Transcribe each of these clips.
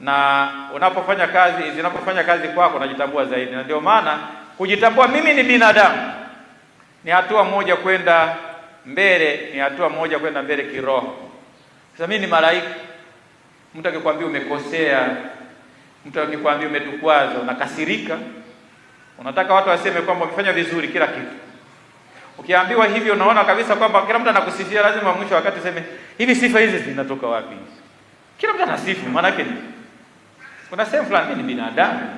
na unapofanya kazi zinapofanya kazi kwako unajitambua zaidi, na ndio maana kujitambua mimi ni binadamu ni hatua moja kwenda mbele, ni hatua moja kwenda mbele kiroho. Sasa mimi ni malaika, mtu akikwambia umekosea, mtu akikwambia umetukwaza, unakasirika, unataka watu waseme kwamba umefanya vizuri kila kitu. Ukiambiwa hivyo, unaona kabisa kwamba kila mtu anakusifia, lazima mwisho wakati useme hivi, sifa hizi zinatoka wapi? Kila mtu anasifu, maana yake ni kuna sehemu fulani, mimi ni binadamu,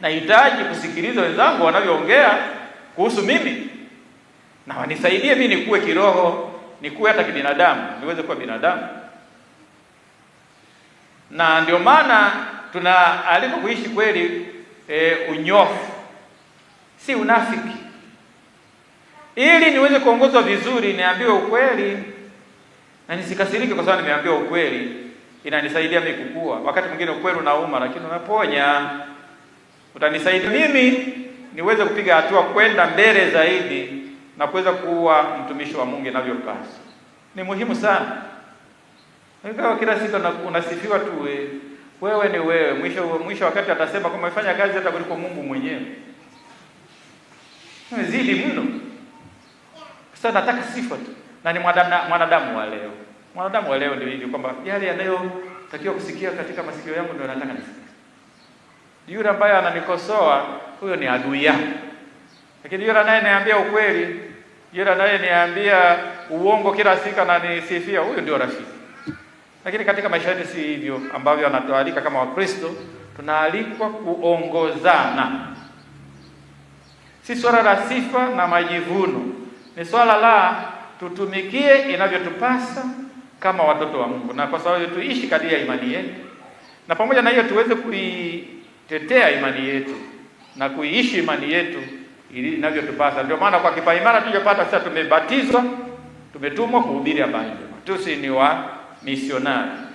nahitaji kusikiliza wenzangu wanavyoongea kuhusu mimi, na wanisaidie mimi nikuwe kiroho, nikuwe hata kibinadamu, niweze kuwa binadamu. Na ndio maana tuna aliko kuishi kweli e, unyofu, si unafiki. Ili niweze kuongozwa vizuri, niambiwe ukweli na nisikasirike kwa sababu nimeambiwa ukweli inanisaidia mimi kukua. Wakati mwingine ukweli unauma, lakini unaponya. Utanisaidia mimi niweze kupiga hatua kwenda mbele zaidi na kuweza kuwa mtumishi wa Mungu inavyopasa. Ni muhimu sana. Ingawa kila siku unasifiwa tu we, wewe ni wewe, mwisho mwisho wakati atasema kama umefanya kazi hata kuliko Mungu mwenyewe. Zidi mno. Sasa nataka sifa tu na ni mwanadamu wa leo. Mwanadamu wa leo ndio hivi kwamba yale yanayotakiwa kusikia katika masikio yangu ndio nataka nisikie. Yule ambaye ananikosoa huyo ni adui yangu, lakini yule anayeniambia ukweli, yule anayeniambia uongo kila siku ananisifia, huyo ndio rafiki. Lakini katika maisha yetu si hivyo ambavyo anatualika kama Wakristo, tunaalikwa kuongozana. Si swala la sifa na majivuno, ni swala la tutumikie inavyotupasa kama watoto wa Mungu, na kwa sababu tuishi kadiri ya imani yetu, na pamoja na hiyo tuweze kuitetea imani yetu na kuiishi imani yetu ili inavyotupasa. Ndio maana kwa kipaimara tuliyopata sasa, tumebatizwa, tumetumwa kuhubiri habari njema, tusi ni wa misionari.